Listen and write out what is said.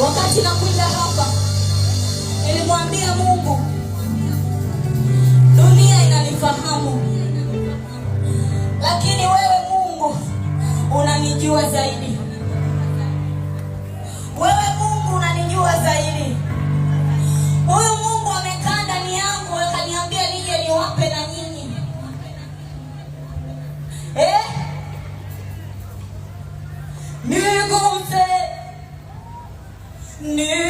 Wakati nakuja hapa nilimwambia Mungu, dunia inanifahamu, lakini wewe Mungu unanijua zaidi. new